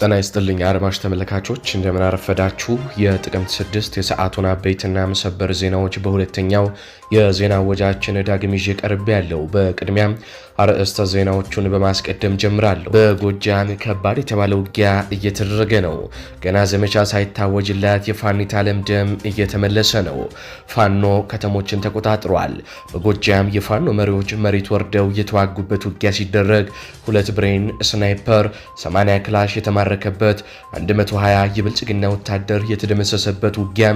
ጤና ይስጥልኝ አድማጭ ተመልካቾች፣ እንደምናረፈዳችሁ የጥቅምት ስድስት የሰዓቱን አበይትና መሰበር ዜናዎች በሁለተኛው የዜና ወጃችን ዳግም ይዤ ቀርብ ያለው። በቅድሚያም አርዕስተ ዜናዎቹን በማስቀደም ጀምራለሁ። በጎጃም ከባድ የተባለ ውጊያ እየተደረገ ነው። ገና ዘመቻ ሳይታወጅላት የፋኒት አለም ደም እየተመለሰ ነው። ፋኖ ከተሞችን ተቆጣጥሯል። በጎጃም የፋኖ መሪዎች መሬት ወርደው የተዋጉበት ውጊያ ሲደረግ ሁለት ብሬን ስናይፐር 80 ክላሽ የተማ የተማረከበት 120 የብልጽግና ወታደር የተደመሰሰበት ውጊያ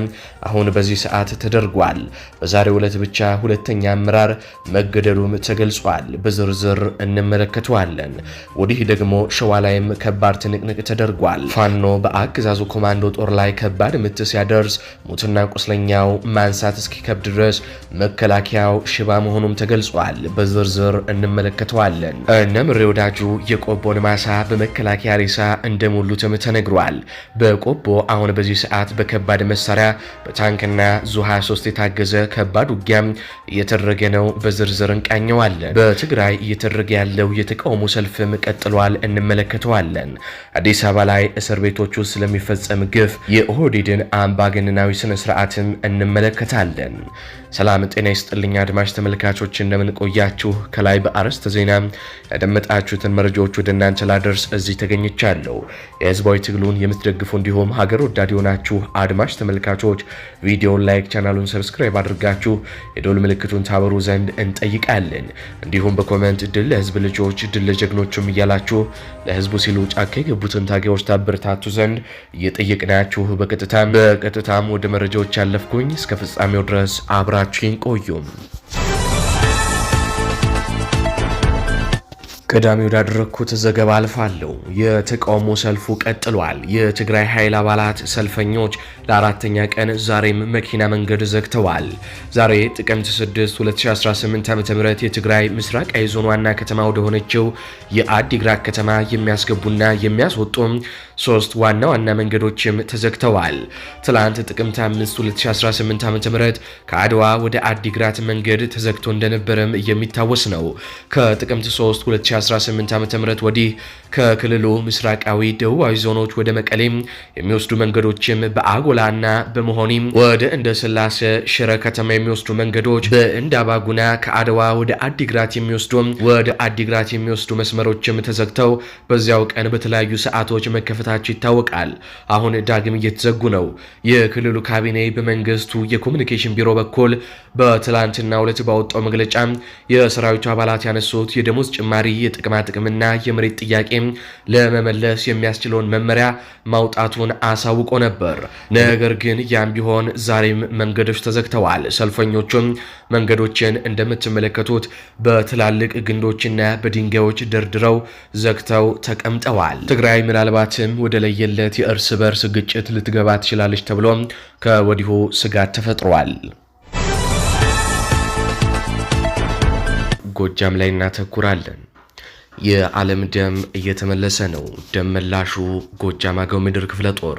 አሁን በዚህ ሰዓት ተደርጓል። በዛሬው ዕለት ብቻ ሁለተኛ አመራር መገደሉም ተገልጿል። በዝርዝር እንመለከተዋለን። ወዲህ ደግሞ ሸዋ ላይም ከባድ ትንቅንቅ ተደርጓል። ፋኖ በአገዛዙ ኮማንዶ ጦር ላይ ከባድ ምት ሲያደርስ ሙትና ቁስለኛው ማንሳት እስኪከብድ ድረስ መከላከያው ሽባ መሆኑም ተገልጿል። በዝርዝር እንመለከተዋለን። እነ ምሬ ወዳጁ የቆቦን ማሳ በመከላከያ ሬሳ እንደ እንደሞሉትም ተነግሯል። በቆቦ አሁን በዚህ ሰዓት በከባድ መሳሪያ በታንክና ዙ 23 የታገዘ ከባድ ውጊያም እየተደረገ ነው። በዝርዝር እንቃኘዋለን። በትግራይ እየተደረገ ያለው የተቃውሞ ሰልፍም ቀጥሏል፣ እንመለከተዋለን። አዲስ አበባ ላይ እስር ቤቶች ውስጥ ስለሚፈጸም ግፍ የኦህዴድን አምባገነናዊ ስነ ስርዓትም እንመለከታለን። ሰላም ጤና ይስጥልኛ አድማጭ ተመልካቾች እንደምንቆያችሁ። ከላይ በአርዕስተ ዜና ያደመጣችሁትን መረጃዎች ወደ እናንተ ላደርስ እዚህ ተገኝቻለሁ። የህዝባዊ ትግሉን የምትደግፉ እንዲሁም ሀገር ወዳድ የሆናችሁ አድማሽ ተመልካቾች ቪዲዮን ላይክ፣ ቻናሉን ሰብስክራይብ አድርጋችሁ የዶል ምልክቱን ታበሩ ዘንድ እንጠይቃለን። እንዲሁም በኮመንት ድል ለህዝብ ልጆች፣ ድል ለጀግኖቹም እያላችሁ ለህዝቡ ሲሉ ጫካ የገቡትን ታጋዮች ታበረታቱ ዘንድ እየጠየቅናችሁ በቀጥታም በቀጥታም ወደ መረጃዎች ያለፍኩኝ እስከ ፍጻሜው ድረስ አብራችሁን ቆዩም። ቀዳሚ ወዳደረግኩት ዘገባ አልፋለሁ። የተቃውሞ ሰልፉ ቀጥሏል። የትግራይ ኃይል አባላት ሰልፈኞች ለአራተኛ ቀን ዛሬም መኪና መንገድ ዘግተዋል። ዛሬ ጥቅምት 6 2018 ዓ.ም የትግራይ ምስራቃዊ ዞን ዋና ከተማ ወደሆነችው የአዲግራት ከተማ የሚያስገቡና የሚያስወጡም ሶስት ዋና ዋና መንገዶችም ተዘግተዋል። ትላንት ጥቅምት 5 2018 ዓ. ም ከአድዋ ወደ አዲግራት መንገድ ተዘግቶ እንደነበረም የሚታወስ ነው። ከጥቅምት 3 2018 ዓ ም ወዲህ ከክልሉ ምስራቃዊ ደቡባዊ ዞኖች ወደ መቀሌም የሚወስዱ መንገዶችም በአጎላና በመሆኒም ወደ እንደ ስላሴ ሽረ ከተማ የሚወስዱ መንገዶች በእንዳባጉና ከአድዋ ወደ አዲግራት የሚወስዱ ወደ አዲግራት የሚወስዱ መስመሮችም ተዘግተው በዚያው ቀን በተለያዩ ሰዓቶች መከፈታቸው ይታወቃል። አሁን ዳግም እየተዘጉ ነው። የክልሉ ካቢኔ በመንግስቱ የኮሚኒኬሽን ቢሮ በኩል በትላንትና ዕለት ባወጣው መግለጫ የሰራዊቱ አባላት ያነሱት የደሞዝ ጭማሪ የጥቅማ ጥቅምና የመሬት ጥያቄ ለመመለስ የሚያስችለውን መመሪያ ማውጣቱን አሳውቆ ነበር። ነገር ግን ያም ቢሆን ዛሬም መንገዶች ተዘግተዋል። ሰልፈኞቹም መንገዶችን እንደምትመለከቱት በትላልቅ ግንዶችና በድንጋዮች ደርድረው ዘግተው ተቀምጠዋል። ትግራይ ምናልባትም ወደ ለየለት የእርስ በርስ ግጭት ልትገባ ትችላለች ተብሎ ከወዲሁ ስጋት ተፈጥሯል። ጎጃም ላይ እናተኩራለን። የዓለም ደም እየተመለሰ ነው። ደም መላሹ ጎጃም አገው ምድር ክፍለ ጦር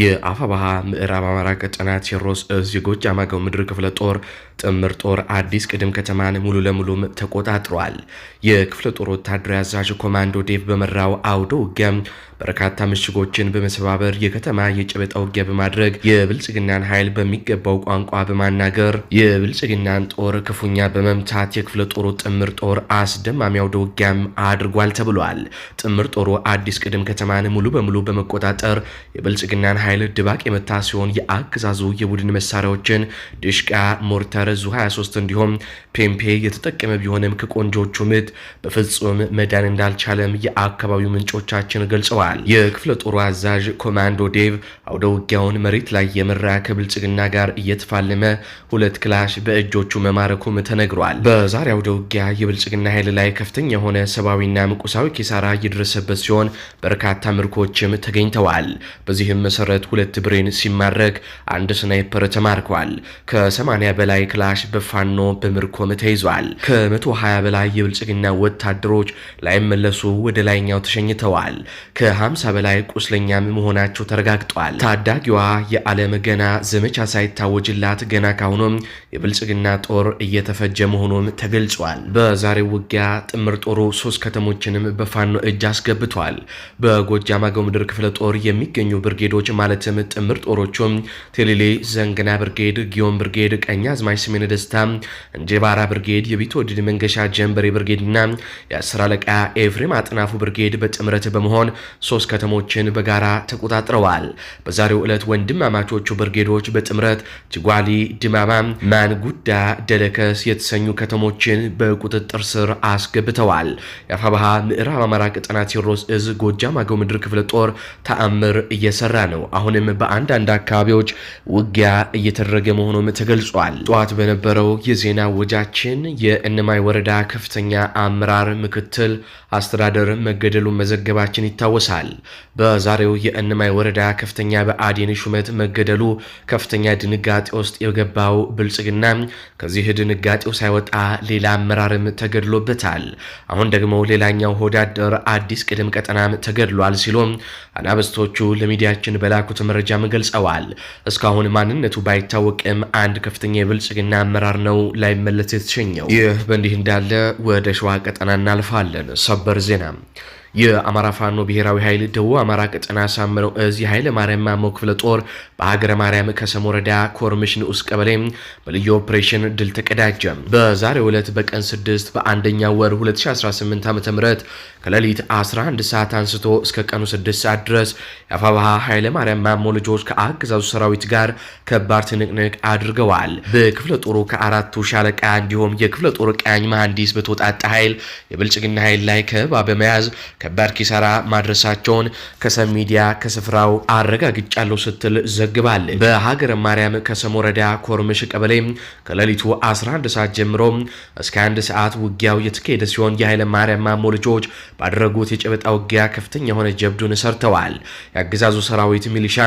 የአፋባሃ ምዕራብ አማራ ቀጠና ቴዎድሮስ እዝ የጎጃም አገው ምድር ክፍለ ጦር ጥምር ጦር አዲስ ቅድም ከተማን ሙሉ ለሙሉም ተቆጣጥሯል። የክፍለ ጦር ወታደራዊ አዛዥ ኮማንዶ ዴቭ በመራው አውደ ውጊያም በርካታ ምሽጎችን በመሰባበር የከተማ የጨበጣ ውጊያ በማድረግ የብልጽግናን ኃይል በሚገባው ቋንቋ በማናገር የብልጽግናን ጦር ክፉኛ በመምታት የክፍለ ጦሩ ጥምር ጦር አስደማሚ አውደ ውጊያም አድርጓል ተብሏል። ጥምር ጦሩ አዲስ ቅድም ከተማን ሙሉ በሙሉ በመቆጣጠር የብልጽግናን ኃይል ድባቅ የመታ ሲሆን የአገዛዙ የቡድን መሳሪያዎችን ድሽቃ፣ ሞርተር ዙ 23 እንዲሁም ፔምፔ የተጠቀመ ቢሆንም ከቆንጆቹ ምት በፍጹም መዳን እንዳልቻለም የአካባቢው ምንጮቻችን ገልጸዋል። የክፍለ ጦሩ አዛዥ ኮማንዶ ዴቭ አውደ ውጊያውን መሬት ላይ የመራ ከብልጽግና ጋር እየተፋለመ ሁለት ክላሽ በእጆቹ መማረኩም ተነግሯል። በዛሬ አውደ ውጊያ የብልጽግና ኃይል ላይ ከፍተኛ የሆነ ሰብአዊና ምቁሳዊ ኪሳራ እየደረሰበት ሲሆን በርካታ ምርኮችም ተገኝተዋል። በዚህም መሰረት ሁለት ብሬን ሲማረክ አንድ ስናይፐር ተማርከዋል ከ ከ80 በላይ ክላሽ በፋኖ በምርኮም ተይዟል። ከ120 በላይ የብልጽግና ወታደሮች ላይመለሱ ወደ ላይኛው ተሸኝተዋል። ከ50 በላይ ቁስለኛም መሆናቸው ተረጋግጧል። ታዳጊዋ የዓለም ገና ዘመቻ ሳይታወጅላት ገና ካሁኖም የብልጽግና ጦር እየተፈጀ መሆኑም ተገልጿል። በዛሬው ውጊያ ጥምር ጦሩ ሶስት ከተሞችንም በፋኖ እጅ አስገብቷል። በጎጃም አገው ምድር ክፍለ ጦር የሚገኙ ብርጌዶች ማለትም ጥምር ጦሮቹም ቴሌሌ ዘንግና ብርጌድ፣ ጊዮን ብርጌድ፣ ቀኛ አዝማች ስሜነ ደስታ፣ እንጀባራ ብርጌድ፣ ወድድ መንገሻ ጀንበሬ ብርጌድና የአስር አለቃ ኤፍሬም አጥናፉ ብርጌድ በጥምረት በመሆን ሶስት ከተሞችን በጋራ ተቆጣጥረዋል። በዛሬው ዕለት ወንድማማቾቹ ብርጌዶች በጥምረት ጅጓሊ፣ ድማማ፣ ማንጉዳ፣ ደለከስ የተሰኙ ከተሞችን በቁጥጥር ስር አስገብተዋል። የአፋባሃ ምዕራብ አማራ ቀጠና ቴዎድሮስ እዝ ጎጃም አገው ምድር ክፍለ ጦር ተአምር እየሰራ ነው። አሁንም በአንዳንድ አካባቢዎች ውጊያ እየተደረገ መሆኑም ተገልጿል። ጠዋት በነበረው የዜና ወጃችን የእነማይ ወረዳ ከፍተኛ አመራር ምክትል አስተዳደር መገደሉን መዘገባችን ይታወሳል። በዛሬው የእነማይ ወረዳ ከፍተኛ በአዴን ሹመት መገደሉ ከፍተኛ ድንጋጤ ውስጥ የገባው ብልጽግና ከዚህ ድንጋጤው ሳይወጣ ሌላ አመራርም ተገድሎበታል። አሁን ደግሞ ሌላኛው ሆዳደር አዲስ ቅድም ቀጠናም ተገድሏል ሲሉም አናበስቶቹ ለሚዲያችን በላኩት መረጃም ገልጸዋል። እስካሁን ማንነቱ ባይታወቅም አንድ ከፍተኛ የብልጽግና ብልጽግና አመራር ነው ላይመለስ የተሸኘው። ይህ በእንዲህ እንዳለ ወደ ሸዋ ቀጠና እናልፋለን። ሰበር ዜና የአማራ ፋኖ ብሔራዊ ኃይል ደቡብ አማራ ቀጠና ሳምነው እዚህ የኃይለ ማርያም ማሞ ክፍለ ጦር በሀገረ ማርያም ከሰም ወረዳ ኮርምሽ ንዑስ ቀበሌ በልዩ ኦፕሬሽን ድል ተቀዳጀ። በዛሬው ዕለት በቀን 6 በአንደኛ ወር 2018 ዓ ከሌሊት 11 ሰዓት አንስቶ እስከ ቀኑ 6 ሰዓት ድረስ የአፋባሃ ኃይለ ማርያም ማሞ ልጆች ከአገዛዙ ሰራዊት ጋር ከባድ ትንቅንቅ አድርገዋል። በክፍለ ጦሩ ከአራቱ ሻለቃ እንዲሁም የክፍለ ጦር ቀያኝ መሐንዲስ በተወጣጣ ኃይል የብልጽግና ኃይል ላይ ከበባ በመያዝ ከባድ ኪሳራ ማድረሳቸውን ከሰም ሚዲያ ከስፍራው አረጋግጫለሁ ስትል ዘግባለች። በሀገረ ማርያም ከሰም ወረዳ ኮርምሽ ቀበሌ ከሌሊቱ 11 ሰዓት ጀምሮ እስከ 1 ሰዓት ውጊያው የተካሄደ ሲሆን የኃይለ ማርያም ማሞ ልጆች ባደረጉት የጨበጣ ውጊያ ከፍተኛ የሆነ ጀብዱን ሰርተዋል። የአገዛዙ ሰራዊት ሚሊሻ፣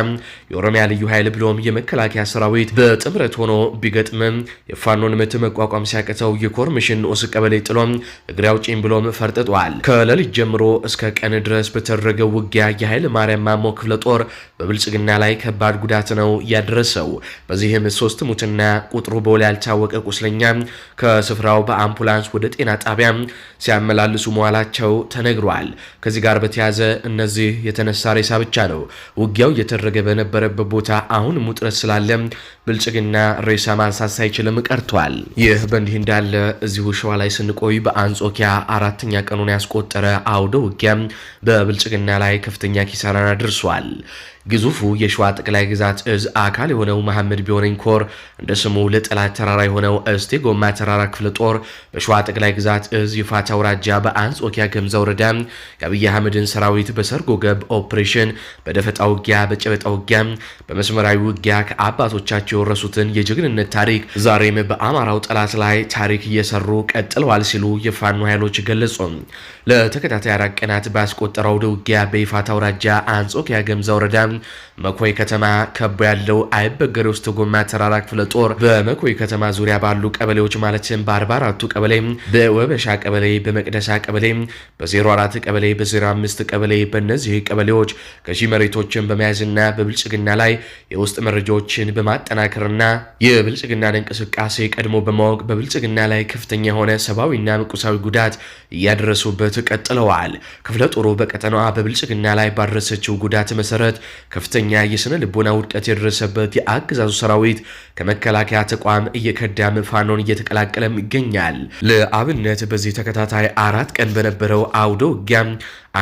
የኦሮሚያ ልዩ ኃይል ብሎም የመከላከያ ሰራዊት በጥምረት ሆኖ ቢገጥምም የፋኖን ምት መቋቋም ሲያቅተው የኮርምሽን ንዑስ ቀበሌ ጥሎም እግሬ አውጪኝ ብሎም ፈርጥጧል። ከሌሊት ጀምሮ እስከ ቀን ድረስ በተደረገው ውጊያ የኃይለ ማርያም ማሞ ክፍለ ጦር በብልጽግና ላይ ከባድ ጉዳት ነው ያደረሰው። በዚህም ሶስት ሙትና ቁጥሩ በውል ያልታወቀ ቁስለኛ ከስፍራው በአምቡላንስ ወደ ጤና ጣቢያ ሲያመላልሱ መዋላቸው ተነግሯል። ከዚህ ጋር በተያያዘ እነዚህ የተነሳ ሬሳ ብቻ ነው ውጊያው እየተደረገ በነበረበት ቦታ አሁንም ውጥረት ስላለ ብልጽግና ሬሳ ማንሳት ሳይችልም ቀርቷል። ይህ በእንዲህ እንዳለ እዚሁ ሸዋ ላይ ስንቆይ በአንጾኪያ አራተኛ ቀኑን ያስቆጠረ አውደ ውጊያ በብልጽግና ላይ ከፍተኛ ኪሳራን አድርሷል። ግዙፉ የሸዋ ጠቅላይ ግዛት እዝ አካል የሆነው መሐመድ ቢሆነኝ ኮር እንደ ስሙ ለጠላት ተራራ የሆነው እስቴ ጎማ ተራራ ክፍለ ጦር በሸዋ ጠቅላይ ግዛት እዝ ይፋት አውራጃ በአንጾኪያ ገምዛ ወረዳ የአብይ አህመድን ሰራዊት በሰርጎ ገብ ኦፕሬሽን፣ በደፈጣ ውጊያ፣ በጨበጣ ውጊያ፣ በመስመራዊ ውጊያ ከአባቶቻቸው የወረሱትን የጀግንነት ታሪክ ዛሬም በአማራው ጠላት ላይ ታሪክ እየሰሩ ቀጥለዋል ሲሉ የፋኖ ኃይሎች ገለጹ። ለተከታታይ አራት ቀናት ባስቆጠረው ውጊያ በይፋት አውራጃ አንጾኪያ ገምዛ ወረዳ መኮይ ከተማ ከቦ ያለው አይበገሬ ውስጥ ጎማ ተራራ ክፍለ ጦር በመኮይ ከተማ ዙሪያ ባሉ ቀበሌዎች ማለትም በአርባ አራቱ ቀበሌ፣ በወበሻ ቀበሌ፣ በመቅደሳ ቀበሌ፣ በ04 ቀበሌ፣ በ05 ቀበሌ በእነዚህ ቀበሌዎች ከሺ መሬቶችን በመያዝና በብልጽግና ላይ የውስጥ መረጃዎችን በማጠናከርና የብልጽግናን እንቅስቃሴ ቀድሞ በማወቅ በብልጽግና ላይ ከፍተኛ የሆነ ሰብአዊና ምቁሳዊ ጉዳት እያደረሱበት ቀጥለዋል። ክፍለ ጦሩ በቀጠናዋ በብልጽግና ላይ ባደረሰችው ጉዳት መሰረት ከፍተኛ የስነ ልቦና ውድቀት የደረሰበት የአገዛዙ ሰራዊት ከመከላከያ ተቋም እየከዳም ፋኖን እየተቀላቀለም ይገኛል። ለአብነት በዚህ ተከታታይ አራት ቀን በነበረው አውደ ውጊያም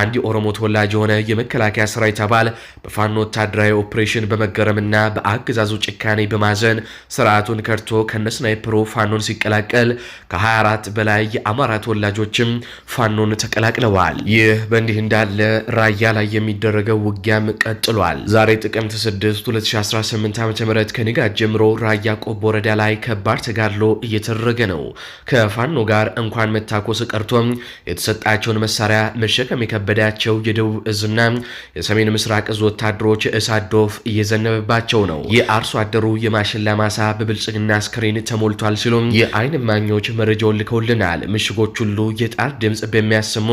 አንድ የኦሮሞ ተወላጅ የሆነ የመከላከያ ሰራዊት አባል በፋኖ ወታደራዊ ኦፕሬሽን በመገረምና በአገዛዙ ጭካኔ በማዘን ስርዓቱን ከድቶ ከነስናይፕሮ ፋኖን ሲቀላቀል ከ24 በላይ የአማራ ተወላጆችም ፋኖን ተቀላቅለዋል። ይህ በእንዲህ እንዳለ ራያ ላይ የሚደረገው ውጊያም ቀጥሏል። ዛሬ ጥቅምት 6 2018 ዓ ም ከንጋት ጀምሮ ራያ ቆቦ ወረዳ ላይ ከባድ ተጋድሎ እየተደረገ ነው። ከፋኖ ጋር እንኳን መታኮስ ቀርቶም የተሰጣቸውን መሳሪያ መሸከም ከበዳቸው የደቡብ እዝና የሰሜን ምስራቅ እዝ ወታደሮች እሳት ዶፍ እየዘነበባቸው ነው። የአርሶ አደሩ የማሽላ ማሳ በብልጽግና ስክሬን ተሞልቷል ሲሉ የአይን ማኞች መረጃውን ልከውልናል። ምሽጎች ሁሉ የጣር ድምፅ በሚያሰሙ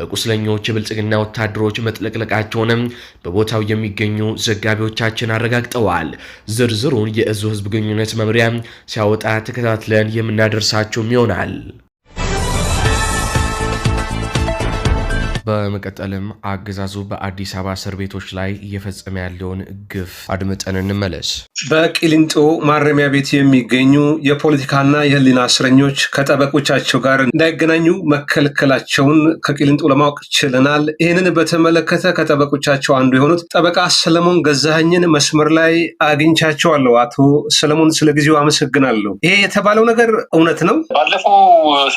በቁስለኞች የብልጽግና ወታደሮች መጥለቅለቃቸውንም በቦታው የሚገኙ ዘጋቢዎቻችን አረጋግጠዋል። ዝርዝሩን የእዙ ህዝብ ግንኙነት መምሪያ ሲያወጣ ተከታትለን የምናደርሳቸውም ይሆናል። በመቀጠልም አገዛዙ በአዲስ አበባ እስር ቤቶች ላይ እየፈጸመ ያለውን ግፍ አድምጠን እንመለስ። በቅሊንጦ ማረሚያ ቤት የሚገኙ የፖለቲካና የህሊና እስረኞች ከጠበቆቻቸው ጋር እንዳይገናኙ መከልከላቸውን ከቅሊንጦ ለማወቅ ችለናል። ይህንን በተመለከተ ከጠበቆቻቸው አንዱ የሆኑት ጠበቃ ሰለሞን ገዛኸኝን መስመር ላይ አግኝቻቸዋለሁ። አቶ ሰለሞን ስለ ጊዜው አመሰግናለሁ። ይሄ የተባለው ነገር እውነት ነው? ባለፈው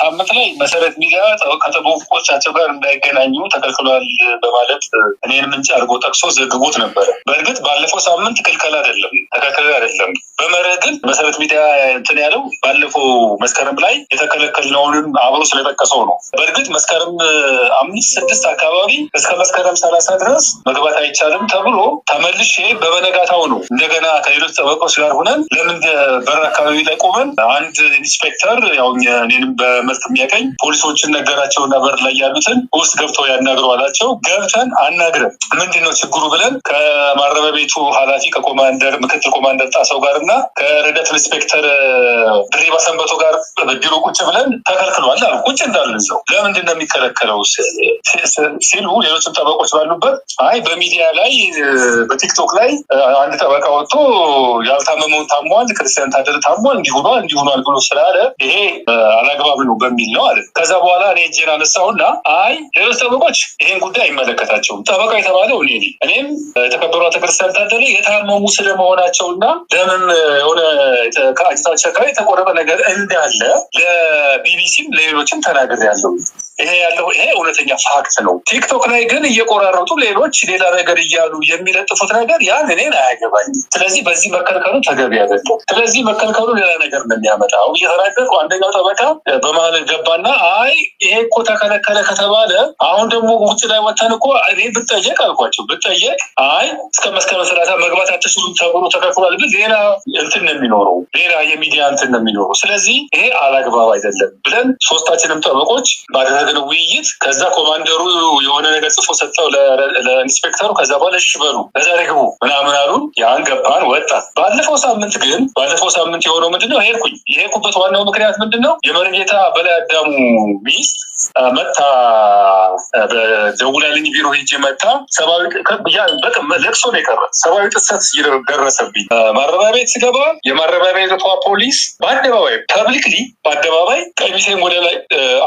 ሳምንት ላይ መሰረት ሚዲያ ከጠበቆቻቸው ጋር እንዳይገናኙ ተከልክሏል በማለት እኔን ምንጭ አድርጎ ጠቅሶ ዘግቦት ነበረ። በእርግጥ ባለፈው ሳምንት ክልከል አይደለም ተከልክል አይደለም በመረ ግን መሰረት ሚዲያ እንትን ያለው ባለፈው መስከረም ላይ የተከለከልነውንም አብሮ ስለጠቀሰው ነው። በእርግጥ መስከረም አምስት ስድስት አካባቢ እስከ መስከረም ሰላሳ ድረስ መግባት አይቻልም ተብሎ ተመልሼ በበነጋታው ነው እንደገና ከሌሎች ጠበቆች ጋር ሆነን ለምን በር አካባቢ ላይ ቆመን አንድ ኢንስፔክተር ያው እኔንም በመልክ የሚያቀኝ ፖሊሶችን ነገራቸውና በር ላይ ያሉትን ውስጥ ገብተው ያናግሩ አላቸው። ገብተን አናግረን ምንድን ነው ችግሩ ብለን ከማረሚያ ቤቱ ኃላፊ ከኮማንደር ምክትል ኮማንደር ጣሰው ጋር እና ከረዳት ኢንስፔክተር ድሬ ባሰንበቶ ጋር በቢሮ ቁጭ ብለን ተከልክሏል አሉ። ቁጭ እንዳለ ሰው ለምንድን ነው የሚከለከለው ሲሉ ሌሎችም ጠበቆች ባሉበት አይ በሚዲያ ላይ በቲክቶክ ላይ አንድ ጠበቃ ወጥቶ ያልታመመውን ታሟል፣ ክርስቲያን ታደለ ታሟል፣ እንዲሁኗል እንዲሁኗል ብሎ ስላለ ይሄ አላግባብ ነው በሚል ነው አለ። ከዛ በኋላ እኔ እጄን አነሳሁና አይ ሌሎች ጠበቆች ይሄን ጉዳይ አይመለከታቸውም። ጠበቃ የተባለው እኔ እኔም የተከበሯ ተክርስቲያን ታደለ የታመሙ ስለመሆናቸውና ለምን የሆነ ከአጅታቸው አካባቢ የተቆረጠ ነገር እንዳለ ለቢቢሲም ለሌሎችም ተናግሬያለሁ። ይሄ ያለው ይሄ እውነተኛ ፋክት ነው። ቲክቶክ ላይ ግን እየቆራረጡ ሌሎች ሌላ ነገር እያሉ የሚለጥፉት ነገር ያን እኔን አያገባኝ። ስለዚህ በዚህ መከልከሉ ተገቢ አይደለም። ስለዚህ መከልከሉ ሌላ ነገር ነው የሚያመጣው። እየተናገርኩ አንደኛው ጠበቃ በመሀል ገባና አይ ይሄ እኮ ተከለከለ ከተባለ አሁን ደግሞ ውጭ ላይ ወተን እኮ እኔ ብጠየቅ አልኳቸው ብጠየቅ አይ እስከ መስከረም ሰላሳ መግባት አትችሉ ተብሎ ተከልክሏል። ግን ሌላ እንትን ነው የሚኖረው፣ ሌላ የሚዲያ እንትን ነው የሚኖረው። ስለዚህ ይሄ አላግባብ አይደለም ብለን ሶስታችንም ጠበቆች ባደረ ያደረግነው ውይይት ከዛ ኮማንደሩ የሆነ ነገር ጽፎ ሰጥተው ለኢንስፔክተሩ ከዛ በኋላ እሺ በሉ በዛሬ ግቡ ምናምን አሉን። ያን ገባን ወጣ። ባለፈው ሳምንት ግን ባለፈው ሳምንት የሆነው ምንድነው ሄድኩኝ። የሄድኩበት ዋናው ምክንያት ምንድነው የመርጌታ በላይ አዳሙ ሚስት መታ ደውላልኝ ቢሮ ሄጄ መታ ሰብአዊ በጣም ለቅሶ ነው የቀረ ሰብአዊ ጥሰት ደረሰብኝ። ማረሚያ ቤት ስገባ የማረሚያ ቤቷ ፖሊስ በአደባባይ ፐብሊክሊ በአደባባይ ቀሚሴን ወደ ላይ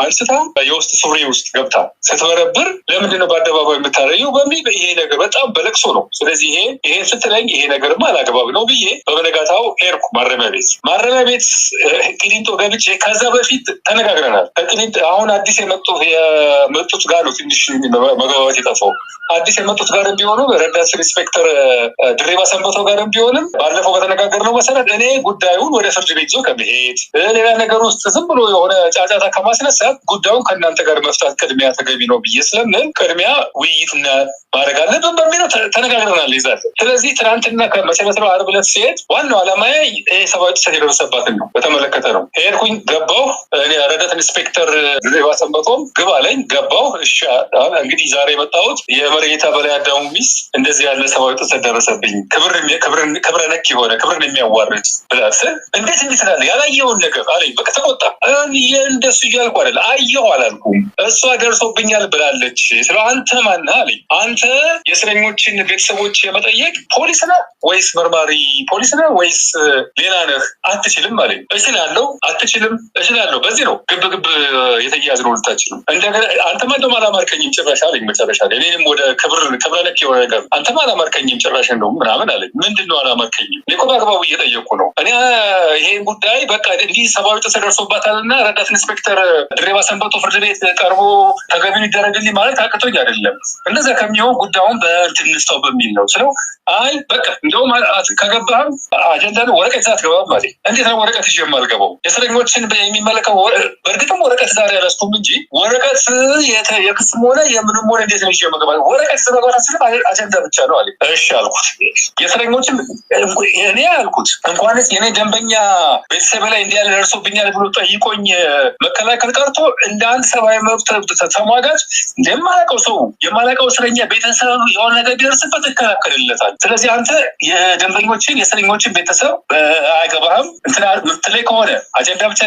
አንስታ የውስጥ ሱሪ ውስጥ ገብታ ስትበረብር ለምንድን ነው በአደባባይ የምታደርገው በሚል ይሄ ነገር በጣም በለቅሶ ነው። ስለዚህ ይሄ ይሄ ስትለኝ ይሄ ነገርማ አላገባብ ነው ብዬ በመነጋታው ሄድኩ ማረሚያ ቤት ማረሚያ ቤት ቅሊንጦ ገብቼ ከዛ በፊት ተነጋግረናል። አሁን አዲስ የመጡ የመጡት ጋር ነው ትንሽ መግባባት የጠፋው። አዲስ የመጡት ጋር ቢሆኑ ረዳት ስር ኢንስፔክተር ድሬባ ሰንበተው ጋር ቢሆንም ባለፈው በተነጋገርነው መሰረት እኔ ጉዳዩን ወደ ፍርድ ቤት ይዞ ከመሄድ ሌላ ነገር ውስጥ ዝም ብሎ የሆነ ጫጫታ ከማስነሳት ጉዳዩን ከእናንተ ጋር መፍታት ቅድሚያ ተገቢ ነው ብዬ ስለምን ቅድሚያ ውይይት ማድረግ አለብን በሚለው ተነጋግረናል ይዛል። ስለዚህ ትናንትና ከመሰረት ነው አርብ ዕለት ሲሄድ ዋናው ዓላማዬ ሰብአዊ ጥሰት የደረሰባትን ነው በተመለከተ ነው ሄድኩኝ ገባሁ ረዳት ኢንስፔክተር ድሬባ ሰንበ በመቆም ግባ አለኝ። ገባው። እሺ እንግዲህ ዛሬ የመጣሁት የመሪጌታ በላይ አዳሙ ሚስት እንደዚህ ያለ ሰብአዊ ጥሰት ደረሰብኝ፣ ክብረ ነክ የሆነ ክብርን የሚያዋርድ ብላ ስል እንዴት እንዲትላለ ያላየውን ነገር አለኝ። በቃ ተቆጣ። ብዬ እንደሱ እያልኩ አይደል አየሁ አላልኩም። እሷ ደርሶብኛል ብላለች። ስለ አንተ ማና አለኝ። አንተ የእስረኞችን ቤተሰቦች የመጠየቅ ፖሊስ ነህ ወይስ መርማሪ ፖሊስ ነህ ወይስ ሌላ ነህ? አትችልም አለኝ። እችላለሁ፣ አትችልም፣ እችላለሁ። በዚህ ነው ግብ ግብ የተያያዝ ነው። ልታችልም እንደገና አንተማ እንደውም አላማርከኝም ጭራሽ አለኝ። መጨረሻ ላይ እኔም ወደ ክብር ክብረ ነክ የሆነ ነገር አንተማ አላማርከኝም ጭራሽ እንደው ምናምን አለኝ። ምንድን ነው አላማርከኝም? እኔ እኮ በአግባቡ እየጠየቅኩ ነው። እኔ ይሄን ጉዳይ በቃ እንዲህ ሰብአዊ ጥሰት ደርሶባታልና ረዳት ኢንስፔክተር ድሬባ ሰንበቶ ፍርድ ቤት ቀርቦ ተገቢ ይደረግልኝ ማለት አቅቶኝ አይደለም። እንደዛ ከሚሆን ጉዳዩን በእንትን እንስታው በሚል ነው ስለው አይ በቃ እንደውም ከገባህም አጀንዳ ነው ወረቀት ይዘህ አትገባም ማለት እንዴት ነው ወረቀት ይዤ የማልገባው? የእስረኞችን የሚመለከው በእርግጥም ወረቀት ዛሬ አላስኩም እንጂ ወረቀት የክስም ሆነ የምንም ሆነ እንዴት ነው ይዤ የምገባው? ወረቀት ይዘህ መግባት አትችልም፣ አጀንዳ ብቻ ነው አለኝ። እሺ አልኩት። የእስረኞችን እኔ አልኩት እንኳንስ የኔ ደንበኛ ቤተሰብ ላይ እንዲያለ ደርሶብኛል ብሎ ጠይቆኝ መከላከል ቀርቶ እንደ አንድ ሰብአዊ መብት ተሟጋጅ እንደማላቀው ሰው የማላቀው እስረኛ ቤተሰብ የሆነ ነገር ቢደርስበት ይከላከልለታል። ስለዚህ አንተ የደንበኞችን የእስረኞችን ቤተሰብ አይገባህም ምትለይ ከሆነ አጀንዳ ብቻ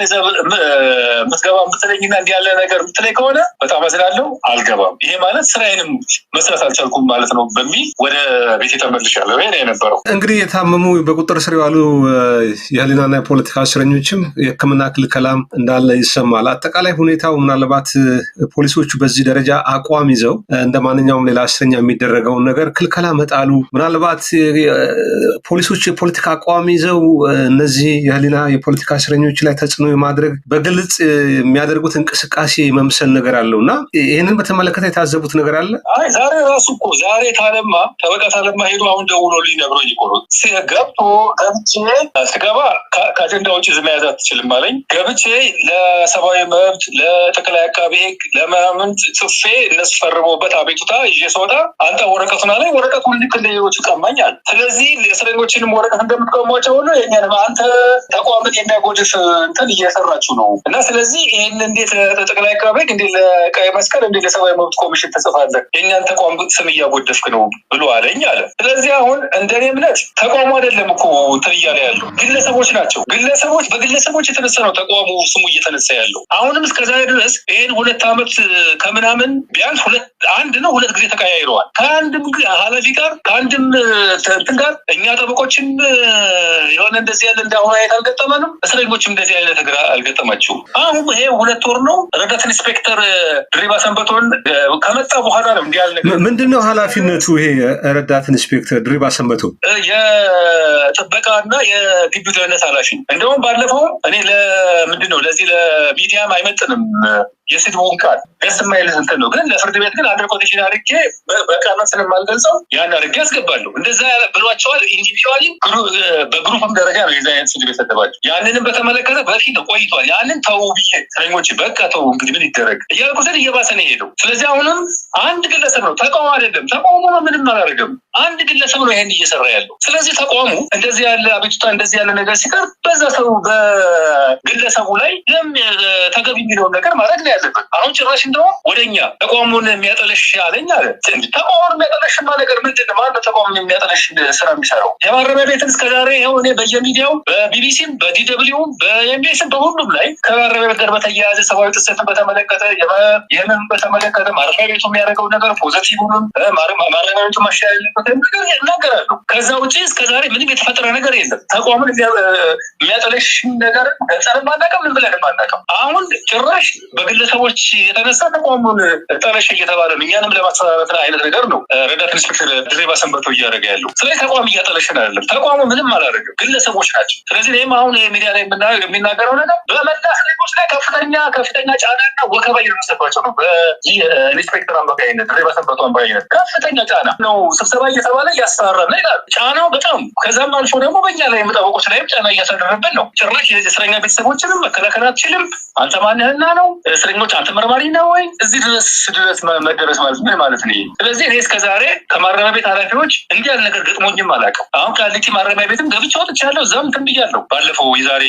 ምትገባ ምትለኝና እንዲ ያለ ነገር ምትለይ ከሆነ በጣም አዝናለሁ፣ አልገባም። ይሄ ማለት ስራዬንም መስራት አልቻልኩም ማለት ነው በሚል ወደ ቤት ተመልሻለሁ። ይሄ የነበረው እንግዲህ የታመሙ በቁጥር ስር የዋሉ የህሊናና የፖለቲካ እስረኞችም የህክምና ክልከላም እንዳለ ይሰማል። አጠቃላይ ሁኔታው ምናልባት ፖሊሶቹ በዚህ ደረጃ አቋም ይዘው እንደ ማንኛውም ሌላ እስረኛ የሚደረገውን ነገር ክልከላ መጣሉ ምናልባት ፖሊሶች የፖለቲካ አቋም ይዘው እነዚህ የህሊና የፖለቲካ እስረኞች ላይ ተጽዕኖ የማድረግ በግልጽ የሚያደርጉት እንቅስቃሴ መምሰል ነገር አለው እና ይህንን በተመለከተ የታዘቡት ነገር አለ። አይ ዛሬ ራሱ እኮ ዛሬ ታለማ ጠበቃ ታለማ ሄዶ አሁን ደውሎልኝ ነግሮኝ እኮ ገብቶ ገብቼ ስገባ ከአጀንዳ ውጭ ዝም መያዝ አትችልም አለኝ ገብቼ ለሰብአዊ መብት ለጠቅላይ አካባቢ ህግ ለምናምን ጽፌ እነሱ ፈርመውበት አቤቱታ ይዤ ስወጣ አንተ ወረቀቱን አለ ወረቀቱ ልክ ቀማኛል። ስለዚህ የእስረኞችንም ወረቀት እንደምትቀሟቸው ሁሉ አንተ ተቋምን የሚያጎድፍ እንትን እየሰራችሁ ነው እና ስለዚህ ይህን እንዴት ለጠቅላይ አካባቢ ህግ እንዴት ለቀይ መስቀል እንዴት ለሰብአዊ መብት ኮሚሽን ትጽፋለህ? የእኛን ተቋም ስም እያጎደፍክ ነው ብሎ አለኝ አለ። ስለዚህ አሁን እንደኔ እምነት ተቋሙ አይደለም እኮ እንትን እያለ ያሉ ግለሰቦች ናቸው። ግለሰቦች በግለሰቦች የተነሳ ነው ተቋሙ ስሙ እየተነሳ ያለው አሁንም እስከዛሬ ድረስ ይህን ሁለት ዓመት ከምናምን ቢያንስ ሁለት አንድ ነው ሁለት ጊዜ ተቀያይረዋል። ከአንድም ኃላፊ ጋር ከአንድም እንትን ጋር እኛ ጠበቆችም የሆነ እንደዚህ ያለ እንዳሁን አይነት አልገጠመንም። እስረኞችም እንደዚህ አይነት ነገር አልገጠማቸውም። አሁን ይሄ ሁለት ወር ነው። ረዳት ኢንስፔክተር ድሪባ ሰንበቶን ከመጣ በኋላ ነው እንዲያል ነገር። ምንድን ነው ኃላፊነቱ ይሄ ረዳት ኢንስፔክተር ድሪባ ሰንበቶ የጥበቃና የግቢ ደህንነት ኃላፊ እንደውም ባለፈው እኔ ለምንድን ነው ስለዚህ ለሚዲያም አይመጥንም የሴት ወንካል ደስ የማይልህ እንትን ነው። ግን ለፍርድ ቤት ግን አንደር ኮንዲሽን አድርጌ በቃና ስለማልገልጸው ያን አድርጌ አስገባለሁ። እንደዛ ብሏቸዋል። ኢንዲቪዋሊ በግሩፕም ደረጃ ነው የዛ አይነት ስድብ የሰደባቸው። ያንንም በተመለከተ በፊት ቆይቷል። ያንን ተው ብዬ እስረኞች በቃ ተው እንግዲህ ምን ይደረግ እያልኩ ስል እየባሰ ነው የሄደው። ስለዚህ አሁንም አንድ ግለሰብ ነው ተቃውሞ አይደለም ተቃውሞ ነው ምንም አላደረገም። አንድ ግለሰብ ነው ይሄን እየሰራ ያለው። ስለዚህ ተቋሙ እንደዚህ ያለ አቤቱታ እንደዚህ ያለ ነገር ሲቀር በዛ ሰው በግለሰቡ ላይ ተገቢ የሚለውን ነገር ማድረግ ነው ያለበት። አሁን ጭራሽ እንደውም ወደኛ ተቋሙን የሚያጠለሽ አለኝ አለ። ተቋሙን የሚያጠለሽማ ነገር ምንድን ነው? ተቋሙን የሚያጠለሽ ስራ የሚሰራው? የማረሚያ ቤትን እስከዛሬ ይኸው እኔ በየሚዲያው በቢቢሲም፣ በዲደብሊውም፣ በኤምቢኤስም በሁሉም ላይ ከማረሚያ ቤት ጋር በተያያዘ ሰብአዊ ጥሰትን በተመለከተ ይህንን በተመለከተ ማረሚያ ቤቱ የሚያደርገው ነገር ፖዘቲቭንም ማረሚያ ቤቱ ማሻሻል ያለበትን ነገር እናገራለሁ። ከዛ ውጭ እስከዛሬ ምንም የተፈጠረ ነገር የለም። ተቋሙን የሚያጠለሽ ነገር ጸረ ማናቀም ምን ብለን ማናቀም አሁን ጭራሽ በግለ ሰዎች የተነሳ ተቋሙን ጠረሽ እየተባለ ነው። እኛንም ለማስተላለፍ አይነት ነገር ነው ረዳት ኢንስፔክተር ድሬባ ሰንበተው እያደረገ ያለው። ስለዚህ ተቋም እያጠለሽን አይደለም። ተቋሙ ምንም አላደረገም፣ ግለሰቦች ናቸው። ስለዚህ ይህም አሁን ሚዲያ ላይ የሚናገረው ነገር በመላ ዜጎች ላይ ከፍተኛ ከፍተኛ ጫናና ወከባ እየደረሰባቸው ነው። በዚህ ኢንስፔክተር አማካኝነት ድሬባ ሰንበተው አማካኝነት ከፍተኛ ጫና ነው። ስብሰባ እየተባለ እያስፈራራ ነው ይላል። ጫናው በጣም ከዛም አልፎ ደግሞ በእኛ ላይ መጠበቆች ላይም ጫና እያሳደረብን ነው። ጭራሽ የእስረኛ ቤተሰቦችንም መከላከል አትችልም፣ አንተ ማንህና ነው እስረኛ ሞታ ተመርማሪ ነው ወይ እዚህ ድረስ ድረስ መደረስ ማለት ምን ማለት ነው? ስለዚህ እኔ እስከዛሬ ከማረሚያ ቤት ኃላፊዎች እንዲህ ያለ ነገር ገጥሞኝም አላውቅም። አሁን ከአሊቲ ማረሚያ ቤትም ገብቼ ወጥቻለሁ። እዛም እንትን ብያለሁ። ባለፈው የዛሬ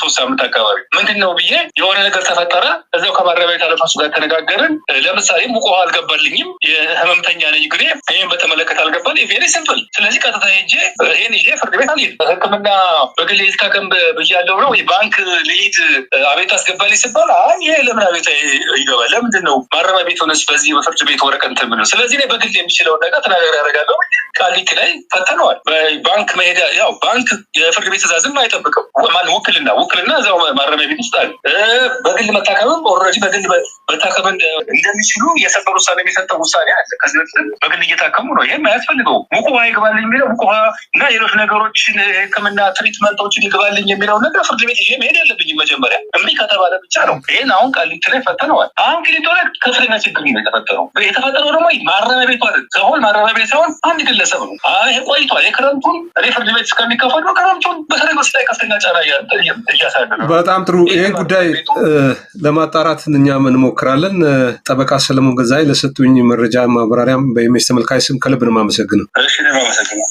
ሶስት ሳምንት አካባቢ ምንድን ነው ብዬ የሆነ ነገር ተፈጠረ። እዛው ከማረሚያ ቤት ኃላፊዎች ጋር ተነጋገርን። ለምሳሌ ሙቆ አልገባልኝም፣ የህመምተኛ ነኝ ግሬ ይህን በተመለከተ አልገባል ቬሪ ሲምፕል። ስለዚህ ቀጥታ ሄጄ ይህን ይዤ ፍርድ ቤት አልሄድም። ህክምና በግል ልታከም ብያለሁ ነው ባንክ ልሂድ አቤት አስገባልኝ ሲባል ይሄ ለምን ግልጽ ይገባል። ለምንድን ነው ማረሚያ ቤት ሆነች በዚህ በፍርድ ቤት ወረቀት እንትን የምንለው? ስለዚህ ላይ በግል የሚችለው ነገር ተናገር ያደርጋለሁ። ቃሊቲ ላይ ፈተነዋል። ባንክ መሄድ ያው ባንክ የፍርድ ቤት ትእዛዝም አይጠብቅም። ማን ውክልና ውክልና እዛው ማረሚያ ቤት ውስጥ አለ። በግል መታከምም ኦልሬዲ በግል መታከም እንደሚችሉ የሰበር ውሳኔ የሚሰጠው ውሳኔ አለ። ከዚህ በፊትም በግል እየታከሙ ነው። ይህም አያስፈልገው ሙቁ ይግባልኝ የሚለው ሙቁ እና ሌሎች ነገሮችን ህክምና ትሪትመንቶችን ይግባልኝ የሚለው ነገር ፍርድ ቤት ይሄ መሄድ ያለብኝ መጀመሪያ እምቢ ከተባለ ብቻ ነው። ይህን አሁን ቃሊቲ ላይ ፈተነዋል። አሁን ቂሊንጦ ላይ ከፍተኛ ችግር ነው የተፈጠረው። የተፈጠረው ደግሞ ማረሚያ ቤቱ አለ ዘሆን ማረሚያ ቤት ሳይሆን አንድ ግለሰብ ነው። ይሄ ቆይቷል። የክረምቱን ፍርድ ቤት እስከሚከፈሉ ክረምቱን በተለይ በስ ላይ ከፍተኛ ጫና እያሳለ በጣም ጥሩ። ይህን ጉዳይ ለማጣራት እኛም እንሞክራለን። ጠበቃ ሰለሞን ገዛይ ለሰጡኝ መረጃ ማብራሪያም በኢሜስ ተመልካች ስም ከልብ ነው የማመሰግነው። እሺ፣ እኔም አመሰግናለሁ።